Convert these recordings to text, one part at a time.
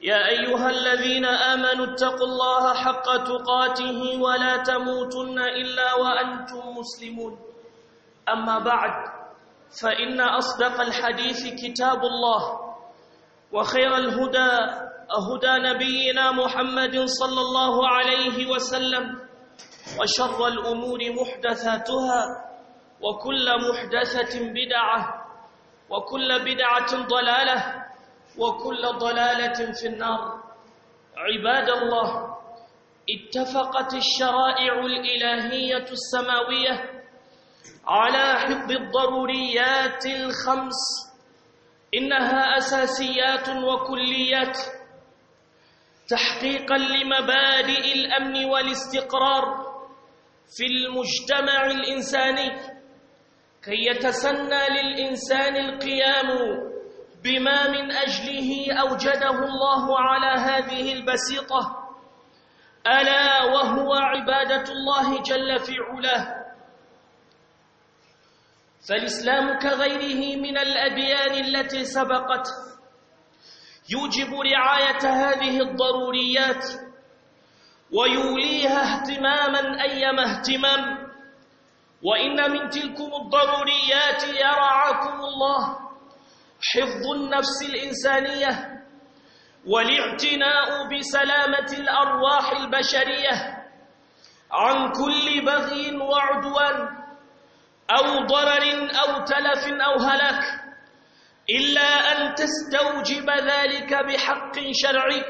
يا أيها الذين آمنوا اتقوا الله حق تقاته ولا تموتن إلا وأنتم مسلمون أما بعد فإن أصدق الحديث كتاب الله وخير الهدى هدى نبينا محمد صلى الله عليه وسلم وشر الأمور محدثاتها وكل محدثة بدعة وكل بدعة ضلالة وكل ضلالة في النار عباد الله اتفقت الشرائع الإلهية السماوية على حفظ الضروريات الخمس إنها أساسيات وكليات تحقيقا لمبادئ الأمن والاستقرار في المجتمع الإنساني كي يتسنى للإنسان القيام بما من أجله أوجده الله على هذه البسيطة ألا وهو عبادة الله جل في علاه فالإسلام كغيره من الأديان التي سبقت يوجب رعاية هذه الضروريات ويوليها اهتماما أيما اهتمام وإن من تلكم الضروريات يرعاكم الله حفظ النفس الإنسانية والاعتناء بسلامة الأرواح البشرية عن كل بغي وعدوان أو ضرر أو تلف أو هلاك إلا أن تستوجب ذلك بحق شرعي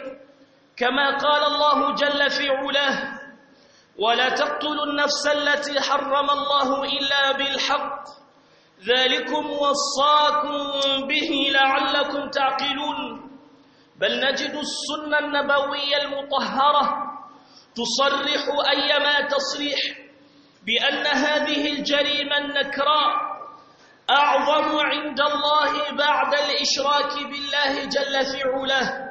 كما قال الله جل في علاه ولا تقتلوا النفس التي حرم الله إلا بالحق ذلكم وصاكم به لعلكم تعقلون بل نجد السنة النبوية المطهرة تصرح أيما تصريح بأن هذه الجريمة النكراء أعظم عند الله بعد الإشراك بالله جل في علاه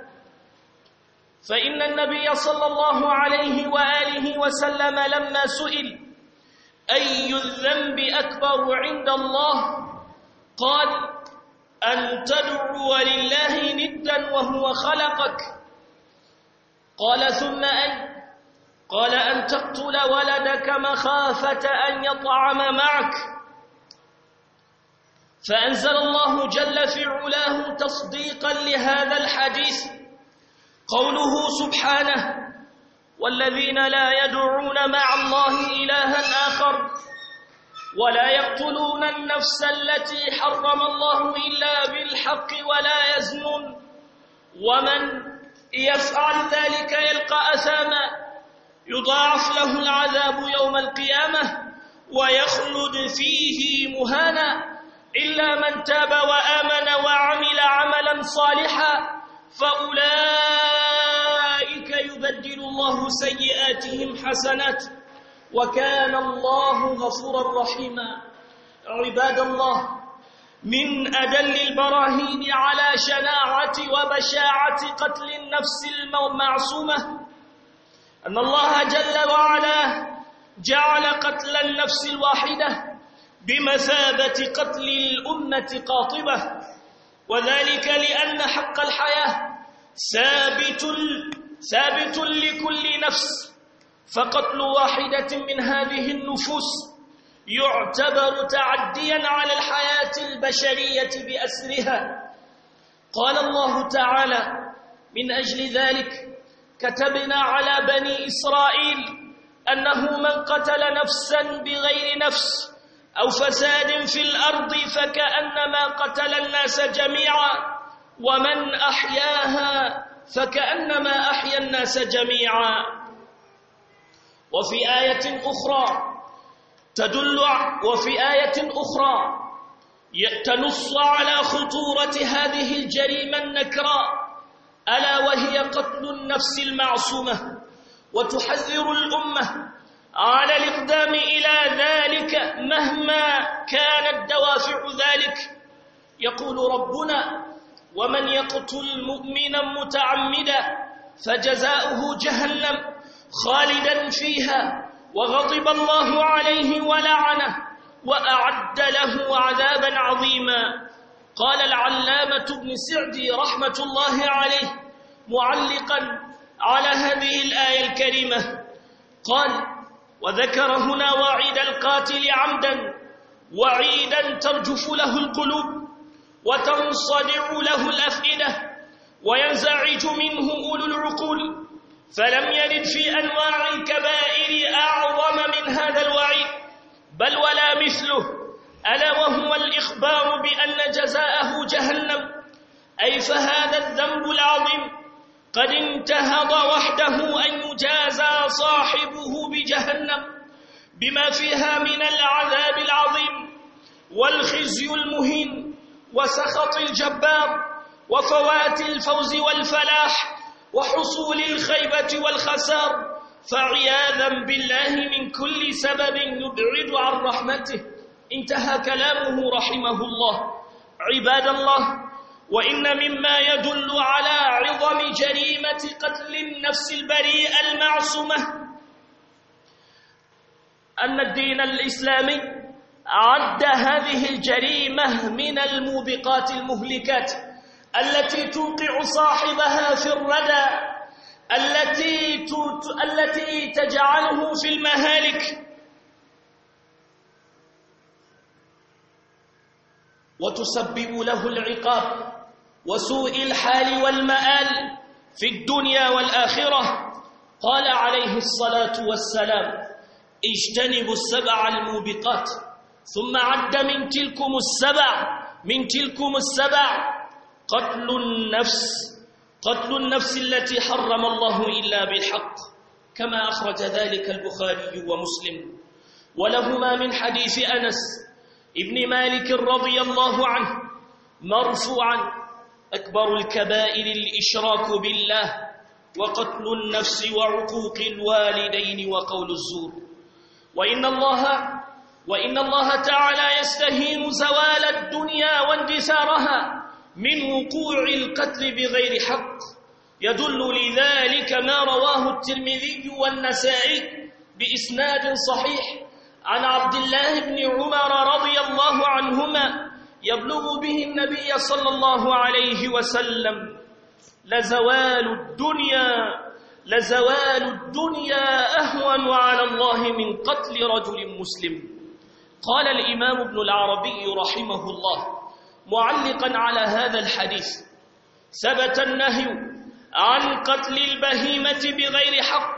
فإن النبي صلى الله عليه وآله وسلم لما سئل أي الذنب أكبر عند الله قال أن تدعو لله ندا وهو خلقك قال ثم أن قال أن تقتل ولدك مخافة أن يطعم معك فأنزل الله جل في علاه تصديقا لهذا الحديث قوله سبحانه والذين لا يدعون مع الله إلها آخر ولا يقتلون النفس التي حرم الله إلا بالحق ولا يزنون ومن يفعل ذلك يلقى أثاما يضاعف له العذاب يوم القيامة ويخلد فيه مهانا إلا من تاب وآمن وعمل عملا صالحا فأولئك الله سيئاتهم حسنات وكان الله غفورا رحيما عباد الله من أدل البراهين على شناعة وبشاعة قتل النفس المعصومة أن الله جل وعلا جعل قتل النفس الواحدة بمثابة قتل الأمة قاطبة وذلك لأن حق الحياة ثابت ثابت لكل نفس فقتل واحدة من هذه النفوس يعتبر تعديا على الحياة البشرية بأسرها قال الله تعالى من أجل ذلك كتبنا على بني إسرائيل أنه من قتل نفسا بغير نفس أو فساد في الأرض فكأنما قتل الناس جميعا ومن أحياها فكأنما أحيا الناس جميعا وفي آية أخرى تدل وفي آية أخرى تنص على خطورة هذه الجريمة النكراء ألا وهي قتل النفس المعصومة وتحذر الأمة على الإقدام إلى ذلك مهما كانت دوافع ذلك يقول ربنا ومن يقتل مؤمنا متعمدا فجزاؤه جهنم خالدا فيها وغضب الله عليه ولعنه وأعد له عذابا عظيما قال العلامة ابن سعدي رحمة الله عليه معلقا على هذه الآية الكريمة قال وذكر هنا وعيد القاتل عمدا وعيدا ترجف له القلوب وتنصدع له الأفئدة وينزعج منه أولو العقول فلم يرد في أنواع الكبائر أعظم من هذا الوعيد بل ولا مثله ألا وهو الإخبار بأن جزاءه جهنم أي فهذا الذنب العظيم قد انتهض وحده أن يجازى صاحبه بجهنم بما فيها من العذاب العظيم والخزي المهين وسخط الجبار وفوات الفوز والفلاح وحصول الخيبة والخسار فعياذا بالله من كل سبب يبعد عن رحمته انتهى كلامه رحمه الله عباد الله وإن مما يدل على عظم جريمة قتل النفس البريئة المعصومة أن الدين الإسلامي عد هذه الجريمة من الموبقات المهلكات التي توقع صاحبها في الردى التي التي تجعله في المهالك وتسبب له العقاب وسوء الحال والمآل في الدنيا والآخرة قال عليه الصلاة والسلام اجتنبوا السبع الموبقات ثم عد من تلكم السبع من تلكم السبع قتل النفس قتل النفس التي حرم الله إلا بالحق كما أخرج ذلك البخاري ومسلم ولهما من حديث أنس ابن مالك رضي الله عنه مرفوعا أكبر الكبائر الإشراك بالله وقتل النفس وعقوق الوالدين وقول الزور وإن الله وإن الله تعالى يستهين زوال الدنيا واندثارها من وقوع القتل بغير حق يدل لذلك ما رواه الترمذي والنسائي بإسناد صحيح عن عبد الله بن عمر رضي الله عنهما يبلغ به النبي صلى الله عليه وسلم لزوال الدنيا لزوال الدنيا أهون على الله من قتل رجل مسلم قال الإمام ابن العربي رحمه الله معلقا على هذا الحديث ثبت النهي عن قتل البهيمة بغير حق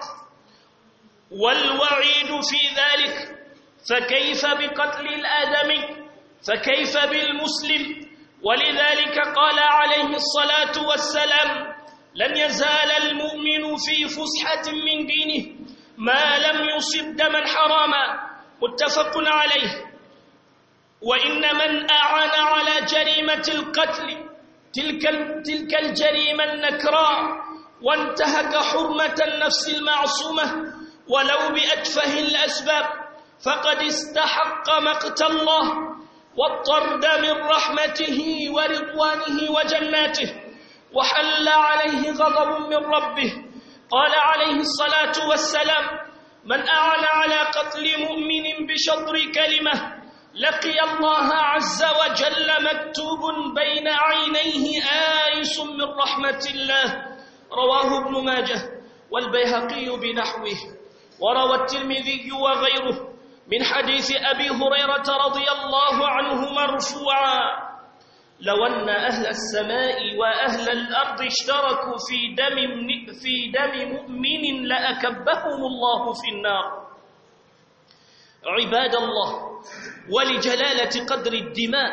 والوعيد في ذلك فكيف بقتل الآدمي فكيف بالمسلم ولذلك قال عليه الصلاة والسلام لم يزال المؤمن في فسحة من دينه ما لم يصب دما حراما متفق عليه وإن من أعان على جريمة القتل تلك, تلك الجريمة النكراء وانتهك حرمة النفس المعصومة ولو بأتفه الأسباب فقد استحق مقت الله والطرد من رحمته ورضوانه وجناته وحل عليه غضب من ربه قال عليه الصلاة والسلام من أعلى على قتل مؤمن بشطر كلمة لقي الله عز وجل مكتوب بين عينيه آيس من رحمة الله رواه ابن ماجه والبيهقي بنحوه وروى الترمذي وغيره من حديث أبي هريرة رضي الله عنه مرفوعاً لو أن أهل السماء وأهل الأرض اشتركوا في دم في دم مؤمن لأكبهم الله في النار عباد الله ولجلالة قدر الدماء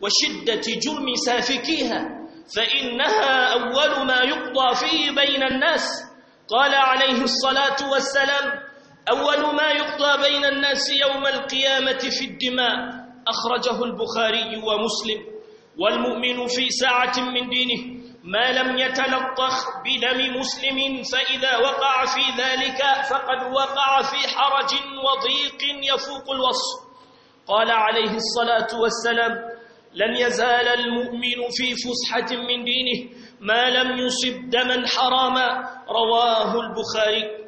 وشدة جرم سافكيها فإنها أول ما يقضى فيه بين الناس قال عليه الصلاة والسلام أول ما يقضى بين الناس يوم القيامة في الدماء أخرجه البخاري ومسلم والمؤمن في ساعة من دينه ما لم يتلطخ بدم مسلم فإذا وقع في ذلك فقد وقع في حرج وضيق يفوق الوصف قال عليه الصلاة والسلام لن يزال المؤمن في فسحة من دينه ما لم يصب دما حراما رواه البخاري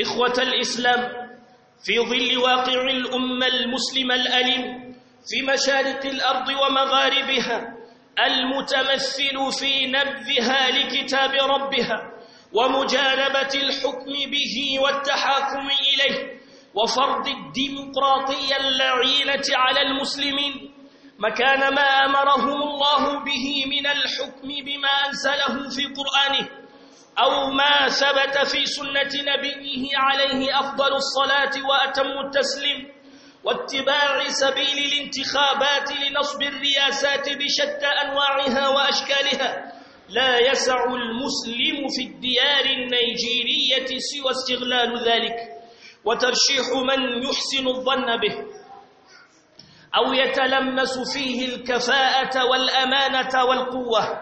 إخوة الإسلام في ظل واقع الأمة المسلمة الأليم في مشارق الأرض ومغاربها المتمثل في نبذها لكتاب ربها ومجانبة الحكم به والتحاكم إليه وفرض الديمقراطية اللعينة على المسلمين مكان ما أمرهم الله به من الحكم بما أنزله في قرآنه أو ما ثبت في سنة نبيه عليه أفضل الصلاة وأتم التسليم واتباع سبيل الانتخابات لنصب الرياسات بشتى أنواعها وأشكالها لا يسع المسلم في الديار النيجيرية سوى استغلال ذلك وترشيح من يحسن الظن به أو يتلمس فيه الكفاءة والأمانة والقوة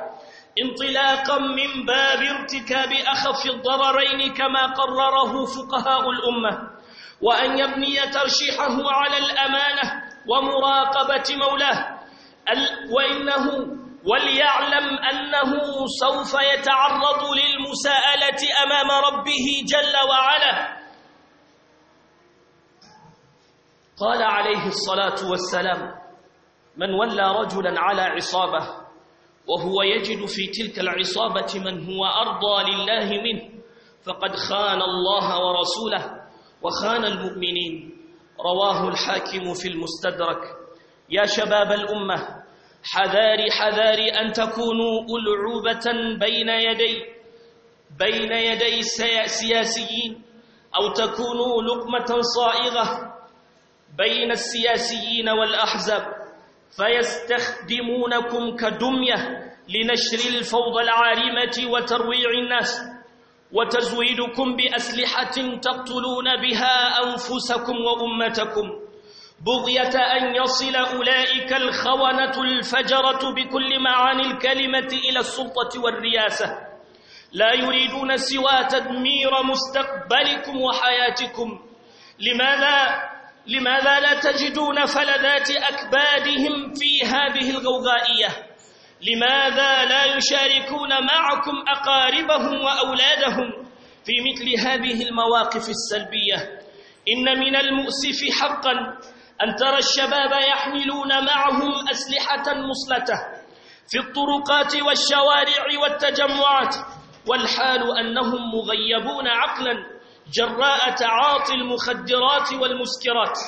انطلاقا من باب ارتكاب أخف الضررين كما قرره فقهاء الأمة وأن يبني ترشيحه على الأمانة ومراقبة مولاه وإنه وليعلم أنه سوف يتعرض للمساءلة أمام ربه جل وعلا قال عليه الصلاة والسلام من ولى رجلا على عصابة وهو يجد في تلك العصابة من هو أرضى لله منه فقد خان الله ورسوله وخان المؤمنين رواه الحاكم في المستدرك يا شباب الأمة حذاري حذاري أن تكونوا ألعوبة بين يدي بين يدي السياسيين أو تكونوا لقمة صائغة بين السياسيين والأحزاب فيستخدمونكم كدمية لنشر الفوضى العارمة وترويع الناس وتزويدكم بأسلحة تقتلون بها أنفسكم وأمتكم بغية أن يصل أولئك الخونة الفجرة بكل معاني الكلمة إلى السلطة والرياسة لا يريدون سوى تدمير مستقبلكم وحياتكم لماذا لماذا لا تجدون فلذات أكبادهم في هذه الغوغائية؟ لماذا لا يشاركون معكم أقاربهم وأولادهم في مثل هذه المواقف السلبية إن من المؤسف حقا أن ترى الشباب يحملون معهم أسلحة مصلتة في الطرقات والشوارع والتجمعات والحال أنهم مغيبون عقلا جراء تعاطي المخدرات والمسكرات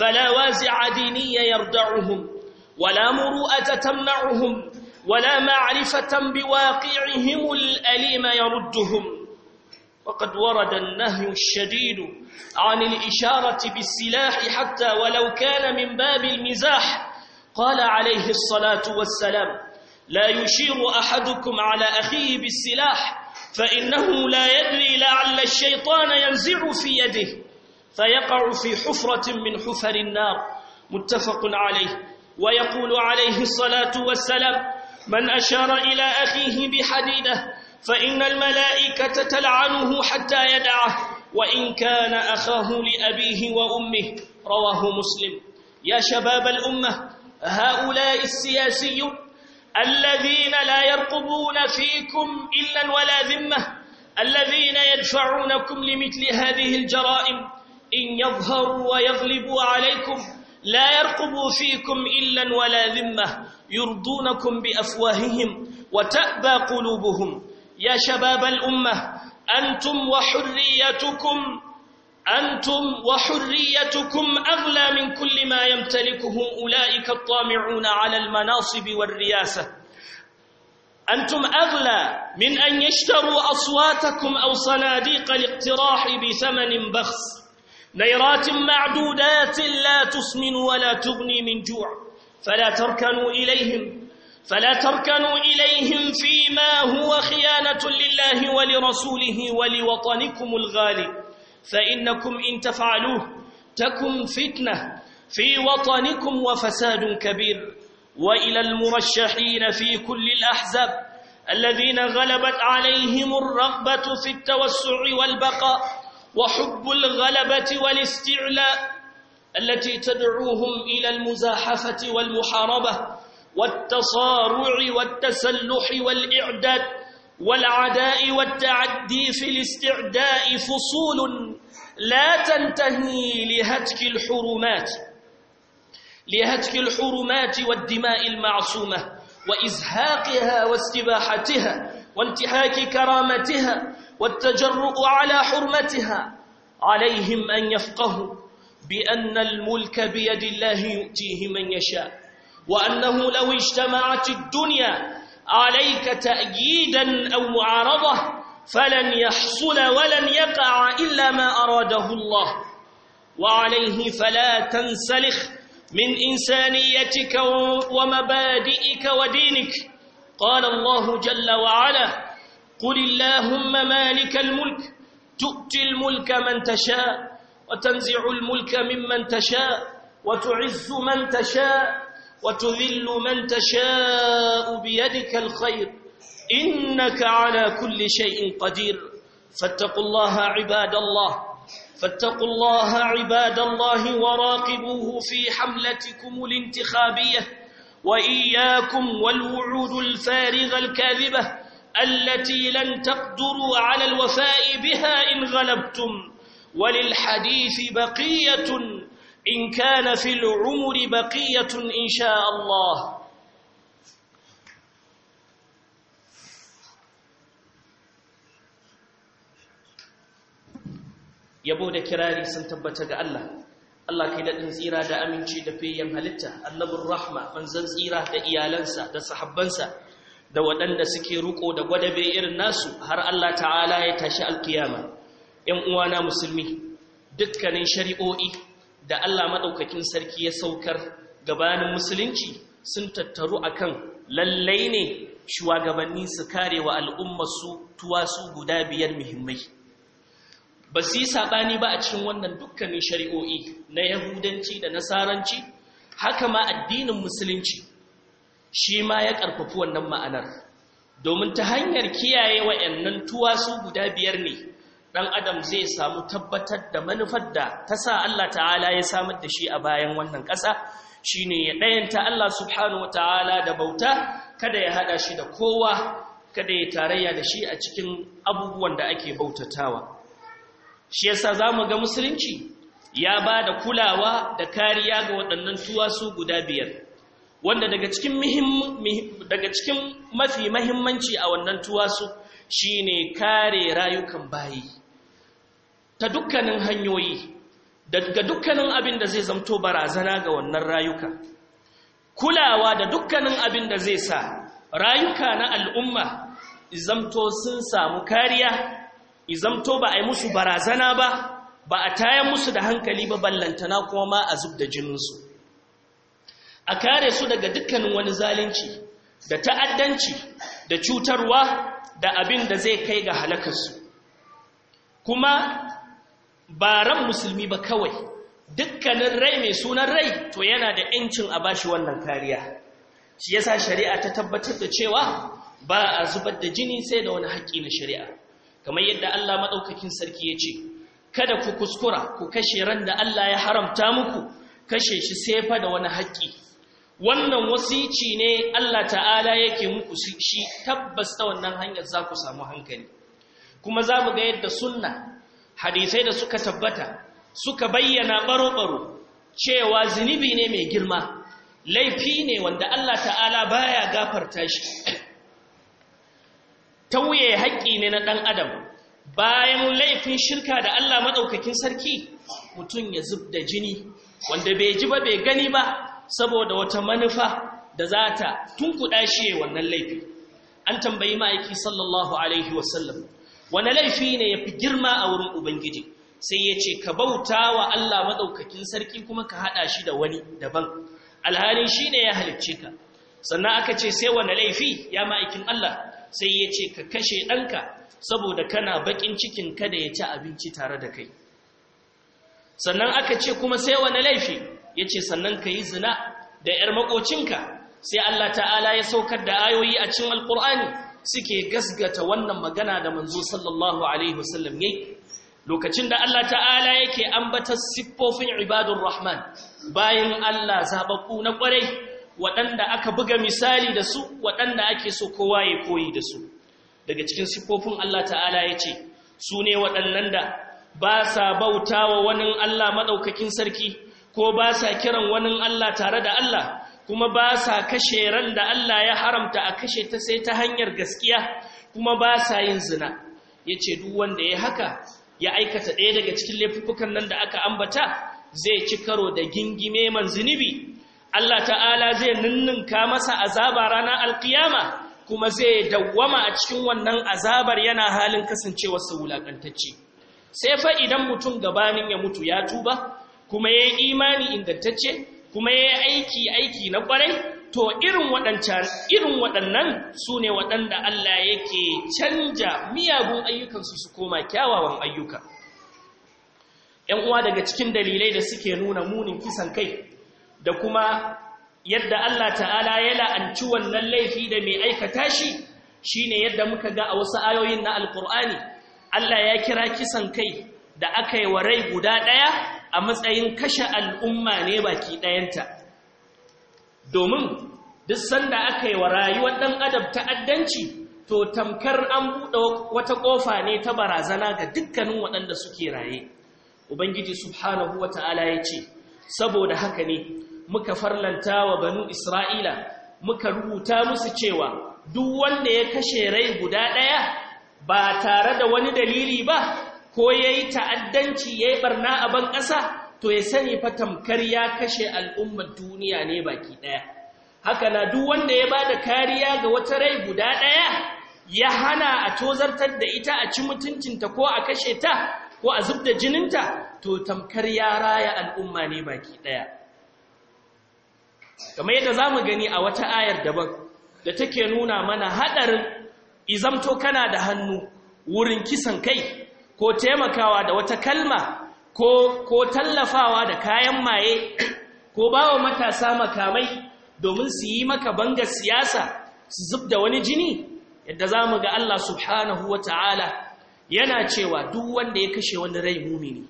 فلا وازع ديني يردعهم ولا مروءة تمنعهم ولا معرفة بواقعهم الأليم يردهم وقد ورد النهي الشديد عن الإشارة بالسلاح حتى ولو كان من باب المزاح قال عليه الصلاة والسلام لا يشير أحدكم على أخيه بالسلاح فإنه لا يدري لعل الشيطان ينزع في يده فيقع في حفرة من حفر النار متفق عليه ويقول عليه الصلاة والسلام من أشار إلى أخيه بحديدة فإن الملائكة تلعنه حتى يدعه وإن كان أخاه لأبيه وأمه رواه مسلم يا شباب الأمة هؤلاء السياسيون الذين لا يرقبون فيكم إلا ولا ذمة الذين يدفعونكم لمثل هذه الجرائم إن يظهروا ويغلبوا عليكم لا يرقب فيكم إلا ولا ذمة يرضونكم بأفواههم وتأبى قلوبهم يا شباب الأمة أنتم وحريتكم أنتم وحريتكم أغلى من كل ما يمتلكه أولئك الطامعون على المناصب والرياسة أنتم أغلى من أن يشتروا أصواتكم أو صناديق الاقتراح بثمن بخس نيرات معدودات لا تسمن ولا تغني من جوع فلا تركنوا إليهم فلا تركنوا إليهم فيما هو خيانة لله ولرسوله ولوطنكم الغالي فإنكم إن تفعلوه تكن فتنة في وطنكم وفساد كبير وإلى المرشحين في كل الأحزاب الذين غلبت عليهم الرغبة في التوسع والبقاء وحب الغلبة والاستعلاء التي تدعوهم إلى المزاحفة والمحاربة والتصارع والتسلح والإعداد والعداء والتعدي في الاستعداء فصول لا تنتهي لهتك الحرمات لهتك الحرمات والدماء المعصومة وإزهاقها واستباحتها وانتهاك كرامتها والتجرؤ على حرمتها عليهم أن يفقهوا بأن الملك بيد الله يؤتيه من يشاء وأنه لو اجتمعت الدنيا عليك تأييدا أو معارضة فلن يحصل ولن يقع إلا ما أراده الله وعليه فلا تنسلخ من إنسانيتك ومبادئك ودينك قال الله جل وعلا قل اللهم مالك الملك تؤتي الملك من تشاء وتنزع الملك ممن تشاء وتعز من تشاء وتذل من تشاء بيدك الخير إنك على كل شيء قدير فاتقوا الله عباد الله فاتقوا الله عباد الله وراقبوه في حملتكم الانتخابية وإياكم والوعود الفارغة الكاذبة التي لن تقدروا على الوفاء بها إن غلبتم وللحديث بقية إن كان في العمر بقية إن شاء الله يا يبود كراري سنتبتك الله الله كيدا تنزيرا دا أمين شيدا في يمهلتا اللب الرحمة من زنزيرا دا إيالنسا دا صحبنسا da waɗanda suke ruko da gwadabe irin nasu har Allah ta'ala ya tashi alkiyama ‘yan uwana musulmi dukkanin shari'o'i da Allah maɗaukakin sarki ya saukar gabanin musulunci sun tattaru akan lallai ne shugabanni su kare wa al'ummarsu tuwasu guda biyar muhimmai ba su yi saɓani ba a cikin wannan dukkanin shari'o'i na yahudanci da nasaranci haka ma addinin musulunci shi ma ya ƙarfafi wannan ma'anar domin ta hanyar kiyaye wa'annan tuwasu guda biyar ne ɗan adam zai samu tabbatar da manufar da ta sa Allah ta'ala ya samar da shi a bayan wannan ƙasa shi ne ya ɗayanta Allah subhanahu Wa ta'ala da bauta kada ya haɗa shi da kowa kada ya tarayya da shi a cikin abubuwan da ake bautatawa shi yasa za mu ga musulunci ya ba da kulawa da kariya ga waɗannan tuwasu guda biyar wanda daga cikin daga cikin mafi mahimmanci a wannan tuwasu shine kare rayukan bayi ta dukkanin hanyoyi daga dukkanin abin da zai zamto barazana ga wannan rayuka kulawa da dukkanin abin da zai sa rayuka na al'umma izamto sun samu kariya izamto ba a yi musu barazana ba ba a tayan musu da hankali ba ballantana kuma ma a zub da jininsu a kare su daga dukkanin wani zalunci da ta'addanci da cutarwa da abin da zai kai ga su. kuma ba ran musulmi ba kawai dukkanin rai mai sunan rai to yana da 'yancin a bashi wannan kariya shi yasa shari'a ta tabbatar da cewa ba a zubar da jini sai da wani haƙƙi na shari'a kamar yadda Allah maɗaukakin sarki ya ce kada ku kuskura ku kashe ran da Allah ya haramta muku kashe shi sai fa da wani haƙƙi wannan wasici ne Allah ta'ala yake muku shi tabbas ta wannan hanyar za ku samu hankali kuma za mu ga yadda sunna hadisai da suka tabbata suka bayyana baro-baro cewa zunubi ne mai girma laifi ne wanda Allah ta'ala baya gafarta shi tauye haƙƙi ne na ɗan adam bayan laifin shirka da Allah maɗaukakin sarki mutum ya zub da jini wanda bai ji ba bai gani ba saboda wata manufa da za ta tunkuɗa shi wannan laifi an tambayi ma'aiki sallallahu alaihi wasallam wani laifi ne ya fi girma a wurin ubangiji sai ya ce ka bauta wa allah maɗaukakin sarki kuma ka haɗa shi da wani daban alhalin shi ne ya halicce ka sannan aka ce sai wani laifi ya ma'aikin allah sai ya ce ka kashe ɗanka saboda kana baƙin cikin kada ya ci abinci tare da kai sannan aka ce kuma sai wani laifi ya ce sannan ka yi zina da ‘yar makocinka sai Allah ta'ala ya saukar da ayoyi a cikin alkur'ani suke gasgata wannan magana da manzo sallallahu alaihi wasallam yi lokacin da Allah ta'ala yake ambatar siffofin ibadun rahman bayan Allah zababbu na ƙwarai waɗanda aka buga misali da su waɗanda ake so kowa ya koyi da su daga cikin siffofin Allah ta'ala ya ce su ne waɗannan da ba sa bauta wa wani Allah maɗaukakin sarki ko ba sa kiran wani Allah tare da Allah kuma ba sa kashe ran da Allah ya haramta a kashe ta sai ta hanyar gaskiya kuma ba sa yin zina Ya ce duk wanda ya haka ya aikata ɗaya daga cikin laifukan nan da aka ambata zai ci karo da gingime man zunubi Allah ta'ala zai ninninka masa azaba ranar alkiyama kuma zai dawwama a cikin wannan azabar yana halin kasancewa sa wulakantacce sai fa idan mutum gabanin ya mutu ya tuba kuma ya yi imani ingantacce kuma ya yi aiki aiki na kwarai to irin waɗancan irin waɗannan su ne waɗanda Allah yake canja miyagun ayyukansu su koma kyawawan ayyuka ‘yan uwa daga cikin dalilai da suke nuna munin kisan kai da kuma yadda Allah ta'ala ya la'anci wannan laifi da mai aikata shi shi ne yadda muka ga a wasu ayoyin na alkur'ani Allah ya kira kisan kai da aka yi wa rai guda ɗaya a matsayin kashe al'umma ne baki ɗayanta domin duk sanda aka yi wa rayuwar ɗan adab ta'addanci to tamkar an buɗe wata ƙofa ne ta barazana ga dukkanin waɗanda suke raye ubangiji subhanahu wa ta'ala ya ce saboda haka ne muka farlanta wa banu isra'ila muka rubuta musu cewa duk wanda ya kashe rai guda ɗaya ba tare da wani dalili ba ko ya yi ta'addanci ya yi barna a ban ƙasa to ya sani fa tamkar ya kashe al'ummar duniya ne baki ɗaya haka na duk wanda ya ba da kariya ga wata rai guda ɗaya ya hana a tozartar da ita a ci mutuncinta ko a kashe ta ko a zub da jininta to tamkar ya raya al'umma ne baki ɗaya kamar yadda za mu gani a wata ayar daban da take nuna mana haɗarin izamto kana da hannu wurin kisan kai ko taimakawa da wata kalma ko ko tallafawa da kayan maye ko bawa matasa makamai domin su yi maka banga siyasa su zub da wani jini yadda za mu ga Allah subhanahu wa ta'ala yana cewa duk wanda ya kashe wani rai mumini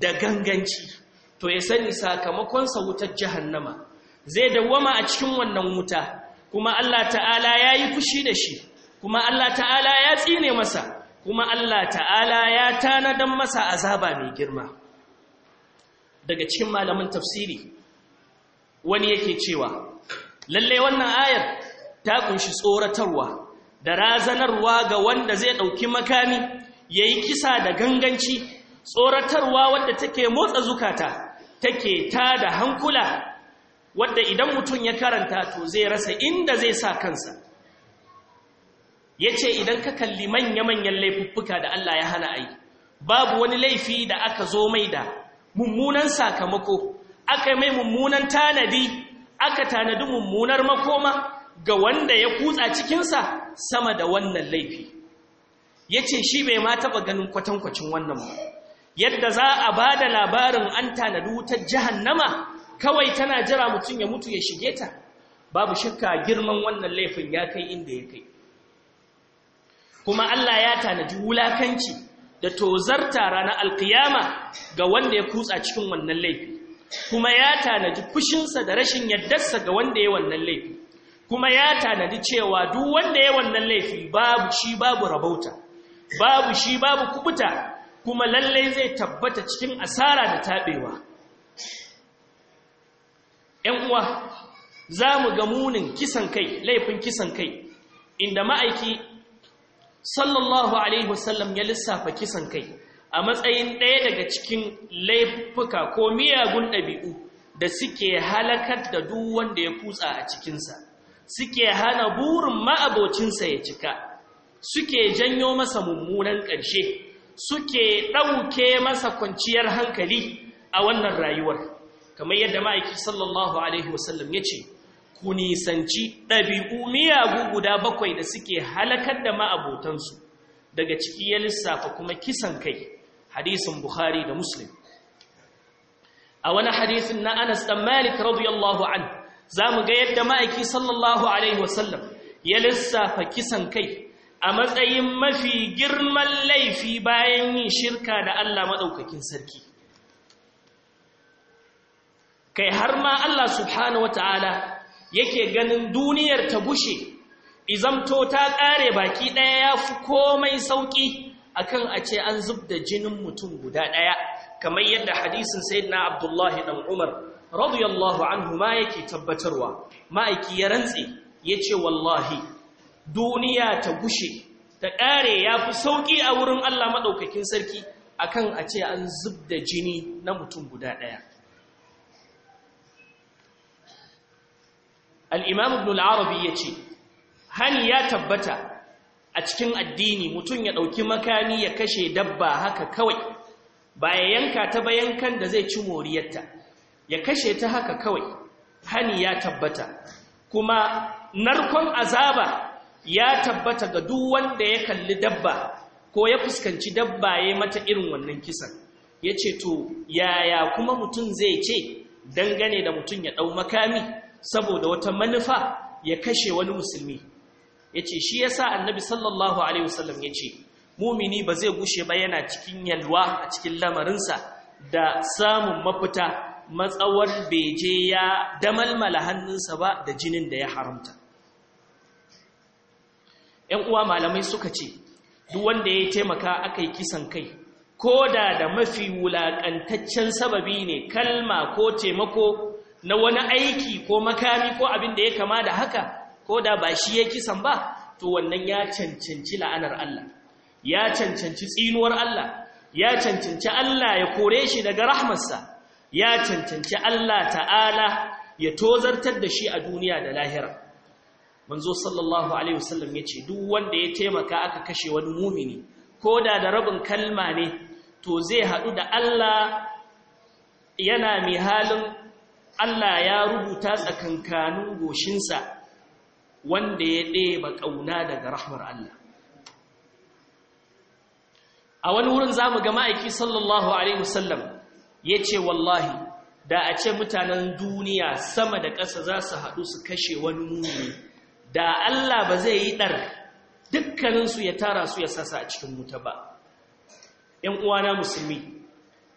da ganganci to ya sani sakamakonsa wutar jahannama zai dawwama a cikin wannan wuta kuma Allah ta'ala ya yi fushi da shi kuma Allah ta'ala ya tsine masa kuma Allah ta'ala ya tana tanadan masa azaba mai girma daga cikin malamin tafsiri wani yake cewa lalle wannan ayar ta kunshi tsoratarwa da razanarwa ga wanda zai ɗauki makami ya yi kisa da ganganci tsoratarwa wadda take motsa zukata take ta da hankula wadda idan mutum ya karanta to zai rasa inda zai sa kansa ya ce idan ka kalli manya-manyan laifuffuka da Allah ya hana ai babu wani laifi da aka zo mai da mummunan sakamako aka mai mummunan tanadi aka tanadi mummunar makoma ga wanda ya kutsa cikinsa sama da wannan laifi ya ce shi bai ma taɓa ganin kwatankwacin wannan ba yadda za a ba da labarin an tanadi wutar jahannama kawai tana jira mutum ya mutu ya shige ta babu shakka girman wannan laifin ya kai inda ya kai kuma Allah ya tanaji wulakanci da tozarta ranar alkiyama ga wanda ya kutsa cikin wannan laifi kuma ya tanaji fushinsa da rashin yardarsa ga wanda ya wannan laifi kuma ya tanadi cewa duk wanda ya wannan laifi babu shi babu rabauta babu shi babu kubuta kuma lallai zai tabbata cikin asara da taɓewa. ‘yan uwa za mu ga munin kisan kai laifin kisan kai inda ma'aiki sallallahu alaihi wasallam ya lissafa kisan kai a matsayin ɗaya daga cikin laifuka ko miyagun ɗabi'u da suke halakar da duk wanda ya kutsa a cikinsa suke hana burin ma'abocinsa ya cika suke janyo masa mummunan ƙarshe suke ɗauke masa kwanciyar hankali a wannan rayuwar kamar yadda ma'aiki sallallahu alaihi wasallam ya ce ku nisanci ɗabi'u miyagu guda bakwai da suke halakar da ma'abotansu daga ciki ya lissafa kuma kisan kai hadisin Bukhari da Muslim. A wani hadisin na Anas ɗan Malik radiyallahu an za mu ga yadda ma'aiki sallallahu Alaihi wasallam ya lissafa kisan kai a matsayin mafi girman laifi bayan yin shirka da Allah maɗaukakin sarki. Kai har ma Allah subhanahu wa ta'ala yake ganin duniyar ta gushe izamto ta kare baki ɗaya ya fi komai sauƙi akan a ce an zubda jinin mutum guda ɗaya kamar yadda hadisin sayyidina abdullahi dan umar radiyallahu anhu ma yake tabbatarwa ma'aiki ya rantse ya ce wallahi duniya ta gushe ta kare ya fi sauƙi a wurin allah madaukakin sarki akan a ce an zubda jini na mutum guda ɗaya al’imam ibn al'arabi ya ce hani ya tabbata a cikin addini mutum ya ɗauki makami ya kashe dabba haka kawai ba ya yanka ta bayankan da zai ci moriyarta ya kashe ta haka kawai hani ya tabbata kuma narkon azaba ya tabbata ga duk wanda ya kalli dabba ko ya fuskanci dabba ya mata irin wannan kisan ya ce to yaya kuma mutum zai ce dangane da mutum ya ɗau makami saboda wata manufa ya kashe wani musulmi ya ce shi yasa annabi sallallahu alaihi wasallam ce, mumini ba zai gushe ba yana cikin yalwa a cikin lamarinsa da samun mafita matsawar beje ya damalmala hannunsa ba da jinin da ya haramta ‘yan uwa malamai suka ce duk wanda ya taimaka aka yi kisan kai ko da da mafi wulaƙantaccen sababi ne kalma ko taimako na wani aiki ko makami ko abin da ya kama da haka ko da ba shi ya kisan ba to wannan ya cancanci la'anar Allah ya cancanci tsinuwar Allah ya cancanci Allah ya kore shi daga rahmarsa ya cancanci Allah ta'ala ya tozartar da shi a duniya da lahira manzo sallallahu alaihi wasallam yace duk wanda ya taimaka aka kashe wani mumini ko da da rabin kalma ne to zai haɗu da Allah yana mai halin Allah ya rubuta tsakankanin goshinsa wanda ya ɗeba ƙauna daga rahmar Allah a wani wurin za mu ga ma'aiki sallallahu alaihi wasallam ya ce wallahi da a ce mutanen duniya sama da ƙasa za su haɗu su kashe wani muni da Allah ba zai yi ɗar dukkaninsu ya tara su ya sasa a cikin wuta ba ‘yan uwana musulmi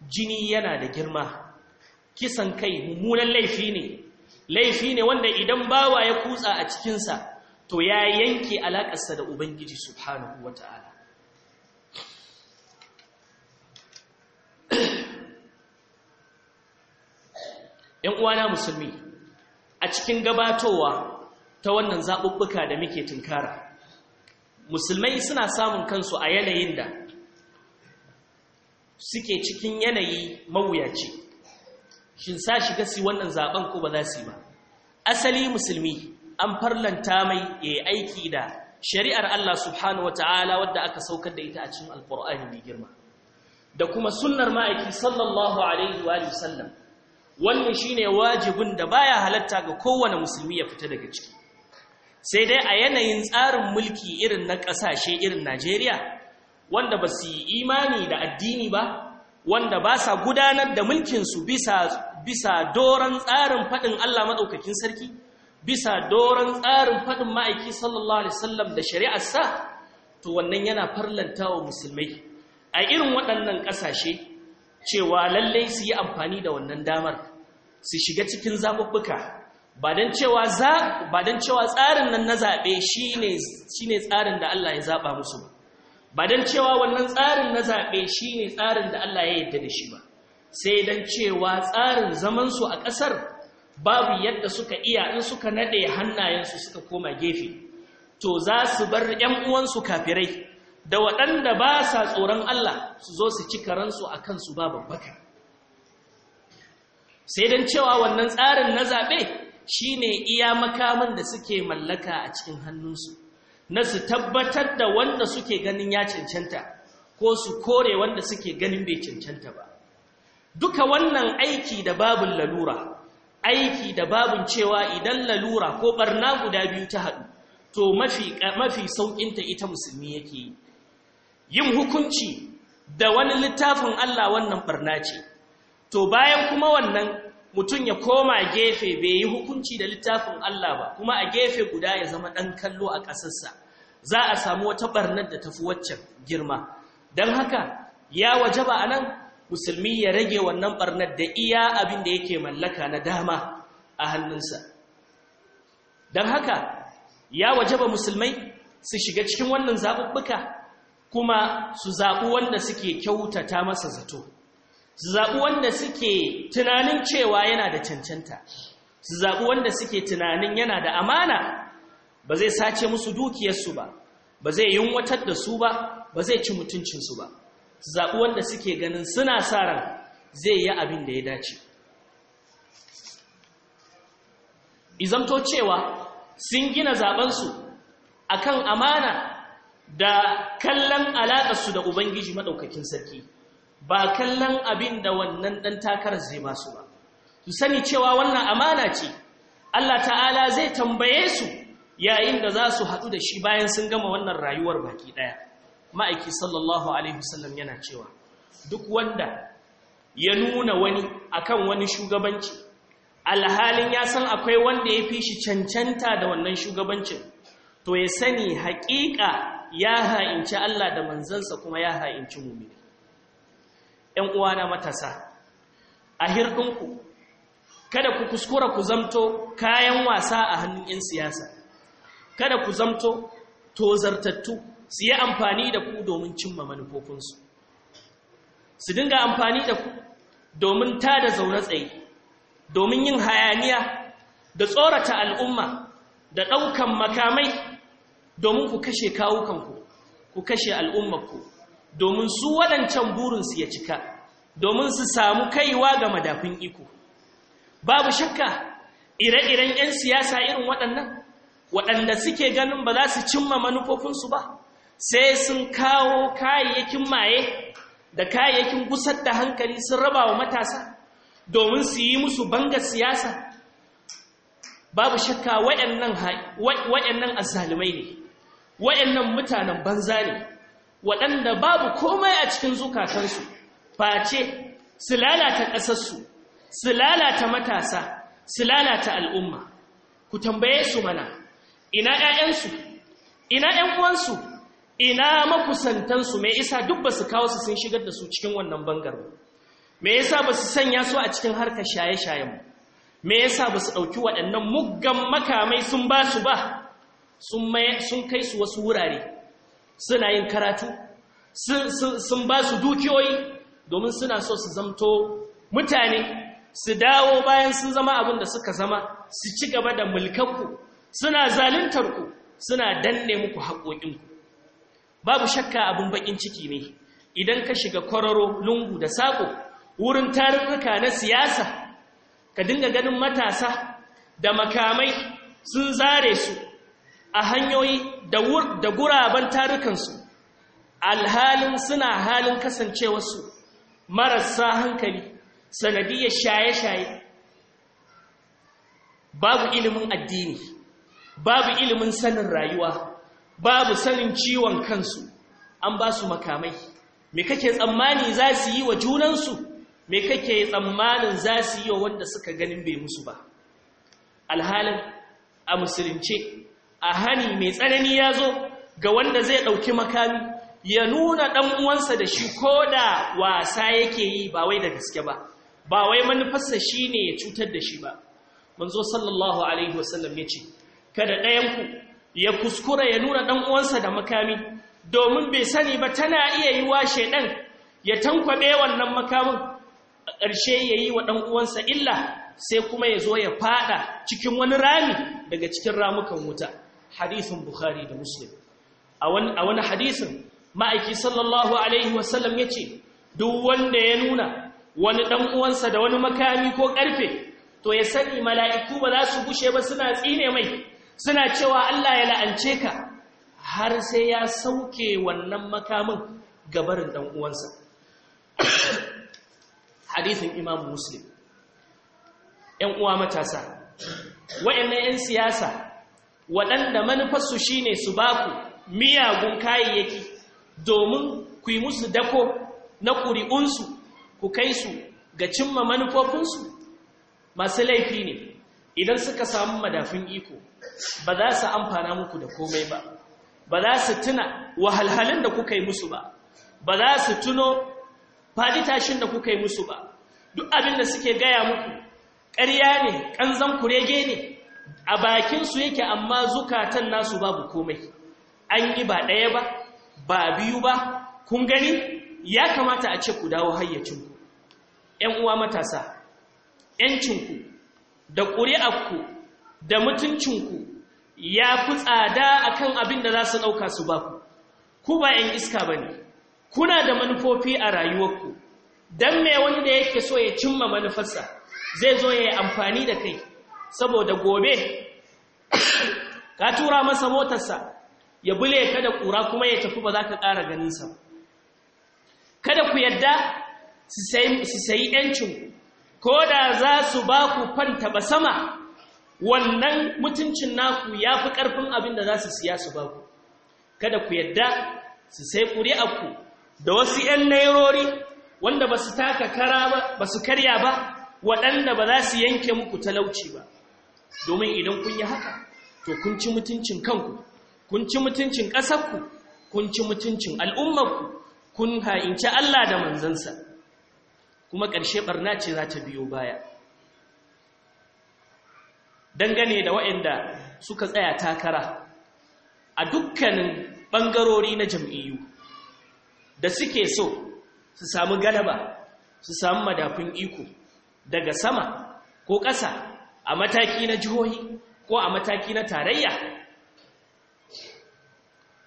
jini yana da girma kisan kai mummunan laifi ne laifi ne wanda idan bawa ya kutsa a cikinsa to ya yanke alaƙarsa da ubangiji subhanahu wata'ala ‘yan uwana musulmi a cikin gabatowa ta wannan zaɓuɓɓuka da muke tunkara musulmai suna samun kansu a yanayin da suke cikin yanayi mawuyaci shin sa shiga su wannan zaben ko ba za su yi ba asali musulmi an farlanta mai yayi aiki da shari'ar Allah subhanahu wataala wadda aka saukar da ita a cikin alqur'ani mai girma da kuma sunnar ma'aiki sallallahu alaihi wa sallam wannan shine wajibin da baya halatta ga kowane musulmi ya fita daga ciki sai dai a yanayin tsarin mulki irin na ƙasashe irin Najeriya wanda ba su yi imani da addini ba wanda ba sa gudanar da mulkinsu bisa doron tsarin faɗin Allah maɗaukakin sarki bisa doron tsarin faɗin ma'aiki sallallahu alaihi wasallam da shari'arsa to wannan yana farlanta wa musulmai a irin waɗannan ƙasashe cewa lallai su yi amfani da wannan damar su shiga cikin zaɓuɓɓuka ba don cewa tsarin nan na zaɓe shi ne tsarin da Allah ya zaɓa musu ba ba don cewa wannan tsarin na zaɓe shi ne tsarin da Allah ya yadda da shi ba sai don cewa tsarin zamansu a ƙasar babu yadda suka iya in suka naɗe hannayensu suka koma gefe to za su bar ‘yan uwansu kafirai da waɗanda ba sa tsoron Allah su zo su ci karansu a kansu ba babbaka sai don cewa wannan tsarin na zaɓe shi ne iya makaman da suke mallaka a cikin hannunsu na su tabbatar da wanda suke ganin ya cancanta ko su kore wanda suke ganin bai cancanta ba duka wannan aiki da babin lalura aiki da babin cewa idan lalura ko barna guda biyu ta haɗu to mafi mafi ta ita musulmi yake yi yin hukunci da wani littafin Allah wannan barna ce to bayan kuma wannan mutum ya koma gefe bai yi hukunci da littafin Allah ba kuma a gefe guda ya zama ɗan kallo a ƙasarsa za a samu wata ɓarnar da tafi waccan girma don haka ya waje ba a nan musulmi ya rage wannan ɓarnar da iya abin da yake mallaka na dama a hannunsa don haka ya waje ba musulmai su shiga cikin wannan zaɓuɓɓuka kuma su zaɓi wanda suke kyautata masa zato su zaɓi wanda suke tunanin cewa yana da cancanta su zaɓi wanda suke tunanin yana da amana ba zai sace musu dukiyarsu ba ba zai yunwatar da su ba ba zai ci mutuncinsu ba su zaɓi wanda suke ganin suna sa ran zai yi abin da ya dace izamto cewa sun gina zaɓensu a kan amana da kallon alaƙarsu da ubangiji maɗaukakin sarki ba kallon abin da wannan ɗan takarar zai ba su ba su sani cewa wannan amana ce Allah ta'ala zai tambaye su yayin da za su haɗu da shi bayan sun gama wannan rayuwar baki ɗaya ma'aiki sallallahu alaihi wasallam yana cewa duk wanda ya nuna wani akan wani shugabanci alhalin ya san akwai wanda ya fi shi cancanta da wannan shugabancin to ya sani haƙiƙa ya ha'inci Allah da manzansa kuma ya ha'inci mumini ‘yan uwana matasa, a hirɗinku, kada ku kuskura ku zamto kayan wasa a hannun ‘yan siyasa, kada ku zamto tozartattu su yi amfani da ku domin cimma manufofinsu, su dinga amfani da ku domin ta da zaune tsaye, domin yin hayaniya da tsorata al'umma da ɗaukan makamai domin ku kashe kawukanku, ku kashe al'ummarku. domin su waɗancan burinsu ya cika domin su samu kaiwa ga madafin iko babu shakka ire-iren 'yan siyasa irin waɗannan waɗanda suke ganin ba za su cimma manufofinsu ba sai sun kawo kayayyakin maye da kayayyakin gusar da hankali sun raba wa matasa domin su yi musu banga siyasa babu shakka waɗannan azzalumai ne waɗannan mutanen banza ne waɗanda babu komai a cikin zukatansu face su lalata ƙasarsu su lalata matasa su lalata al'umma ku tambaye su mana ina ‘ya'yansu ina ‘yan'uwansu ina makusantansu mai isa duk ba su kawo su sun shigar da su cikin wannan bangar me yasa ba su sanya su a cikin harkar shaye-shayen mu me yasa ba su ɗauki waɗannan muggan makamai sun ba su ba sun kai su wasu wurare suna yin karatu sun ba su dukiyoyi domin suna so su zamto mutane su dawo bayan sun zama abin da suka zama su ci gaba da mulkanku suna zaluntarku suna danne muku haƙoƙinku babu shakka abin baƙin ciki ne idan ka shiga kwararo lungu da saƙo wurin tarurruka na siyasa ka dinga ganin matasa da makamai sun zare su a hanyoyi da guraben tarukansu alhalin suna halin kasancewarsu marasa hankali sanadiyar shaye-shaye babu ilimin addini babu ilimin sanin rayuwa babu sanin ciwon kansu an ba su makamai me kake tsammani za su yi wa junansu me kake tsammanin za su yi wa wanda suka ganin bai musu ba alhalin a musulunce a hani mai tsanani ya zo ga wanda zai ɗauki makami ya nuna ɗan'uwansa da shi ko da wasa yake yi ba wai da gaske ba ba wai manufarsa shi ne ya cutar da shi ba manzo sallallahu alaihi wasallam ya ce kada ɗayanku ya kuskura ya nuna ɗan'uwansa da makami domin bai sani ba tana iya yi wa shaidan ya tankwaɓe wannan makamin a ƙarshe ya yi wa ɗan'uwansa illa sai kuma ya zo ya faɗa cikin wani rami daga cikin ramukan wuta hadisin bukhari da muslim a wani hadisin ma'aiki sallallahu alaihi wasallam ya ce duk wanda ya nuna wani ɗan'uwansa da wani makami ko ƙarfe to ya sani mala'iku ba za su gushe ba suna tsine mai suna cewa Allah ya la'ance ka har sai ya sauke wannan makamin gabarin ɗan’uwansa. hadisin imam muslim ‘yan’uwa uwa matasa wa'yannan ‘yan siyasa waɗanda manufarsu shine su ba ku miyagun kayayyaki domin ku yi musu dako na ƙuri'unsu ku kai su ga cimma manufofinsu masu laifi ne idan suka samu madafin iko ba za su amfana muku da komai ba ba za su tuna wahalhalin da kuka yi musu ba ba za su tuno faditashin da kuka yi musu ba duk abin da suke gaya muku ƙarya ne ƙanzan kurege ne a bakin su yake amma zukatan nasu babu komai an yi ba ɗaya ba ba biyu ba kun gani ya kamata a ce ku dawo hayyacinku ‘yan uwa matasa ‘yancinku da ƙuri'arku da mutuncinku ya fi tsada a kan abin da za su ɗauka su ba ku ku ba ‘yan iska ba ne kuna da manufofi a rayuwarku don me wanda yake so ya cimma manufarsa zai zo ya yi amfani da kai saboda gobe ka tura masa motarsa ya bule ka da ƙura kuma ya tafi ba za ka ƙara ganinsa kada ku yadda su sayi ‘yancin ko da za su ba ku fanta ba sama wannan mutuncin naku ya fi ƙarfin abin da za su siya su ba ku kada ku yadda su sai ƙuri'arku da wasu ‘yan nairori wanda ba su taka kara ba ba su karya ba waɗanda ba za su yanke muku talauci ba domin idan kun yi haka to kun ci mutuncin kanku kun ci mutuncin ƙasarku kun ci mutuncin al'ummarku kun ha'inci Allah da manzansa kuma ƙarshe ɓarna ce za ta biyo baya dangane da waɗanda suka tsaya takara a dukkanin ɓangarori na jam'iyyu da suke so su samu galaba su samu madafin iko daga sama ko ƙasa a mataki na jihohi ko a mataki na tarayya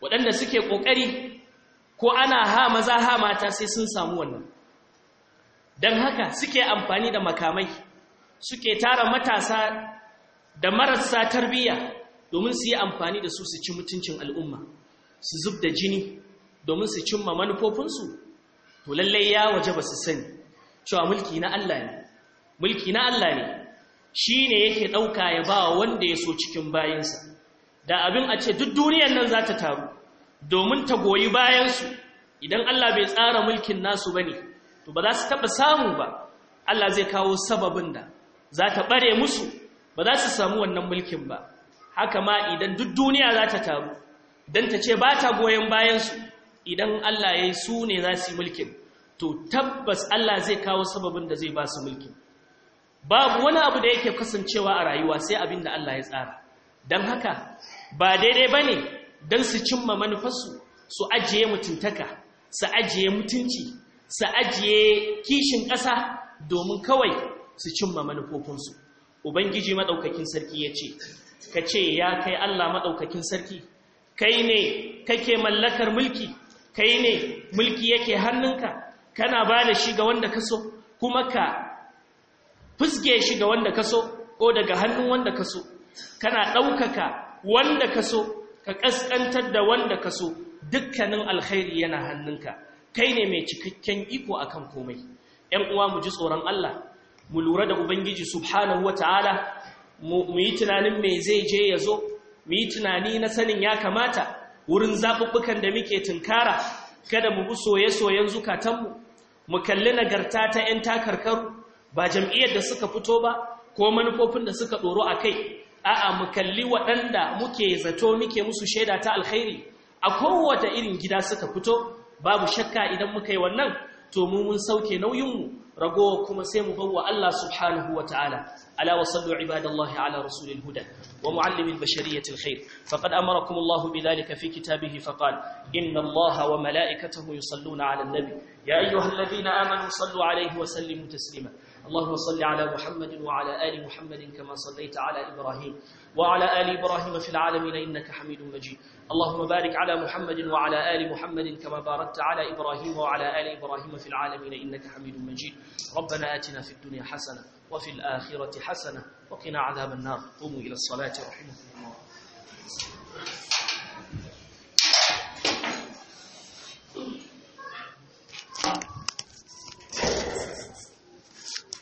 waɗanda suke ƙoƙari ko ana ha maza ha mata sai sun samu wannan don haka suke amfani da makamai suke tara matasa da marasa tarbiyya domin su yi amfani da su su ci mutuncin al'umma su zub da jini domin su cimma manufofinsu to lallai ya waje ba su sani cewa mulki na Allah ne mulki na Allah ne shi ne yake ɗauka ya ba wanda ya so cikin bayansa da abin a ce duk duniyar nan za ta taru domin ta goyi bayansu idan Allah bai tsara mulkin nasu ba ne to ba za su taɓa samu ba Allah zai kawo sababin da za ta ɓare musu ba za su samu wannan mulkin ba haka ma idan duk duniya za ta taru don ta ce ba ta goyon bayansu idan Allah ya yi su ne za su yi mulkin to tabbas Allah zai kawo sababin da zai ba su mulkin babu wani abu da yake kasancewa a rayuwa sai abin da Allah ya tsara don haka ba daidai ba ne don su cimma manufarsu su ajiye mutuntaka su ajiye mutunci su ajiye kishin ƙasa domin kawai su cimma manufofinsu ubangiji maɗaukakin sarki ya ce ka ce ya kai Allah maɗaukakin sarki kai ne kake mallakar mulki kai ne mulki yake hannunka kana ba da shi ga wanda ka so kuma ka fuske shi ga wanda ka so ko daga hannun wanda ka so kana ɗaukaka wanda ka so ka ƙasƙantar da wanda ka so dukkanin alkhairi yana hannunka kai ne mai cikakken iko a kan komai ‘yan uwa mu ji tsoron Allah mu lura da Ubangiji subhanahu wa ta'ala mu yi tunanin mai zai je ya zo mu yi tunani na sanin ya kamata wurin zaɓuɓɓukan da muke tunkara kada mu bi soye-soyen zukatanmu mu kalli nagarta ta ‘yan takarkaru ba jam'iyyar da suka fito ba ko manufofin da suka ɗoro a kai a'a mu kalli waɗanda muke zato muke musu shaida ta alkhairi a kowace irin gida suka fito babu shakka idan muka yi wannan to mu mun sauke nauyinmu ragowa kuma sai mu bawa Allah subhanahu wa ta'ala ala wa sallu ibadallahi ala rasulil huda wa muallimil bashariyatil khair faqad amarakum Allah bidhalika fi kitabihi faqal inna Allah wa malaikatahu yusalluna ala an-nabi ya ayyuhalladhina amanu sallu alayhi wa sallimu taslima اللهم صل على محمد وعلى آل محمد كما صليت على إبراهيم وعلى آل إبراهيم في العالمين إنك حميد مجيد اللهم بارك على محمد وعلى آل محمد كما باركت على إبراهيم وعلى آل إبراهيم في العالمين إنك حميد مجيد ربنا آتنا في الدنيا حسنة وفي الآخرة حسنة وقنا عذاب النار قوموا إلى الصلاة رحمكم الله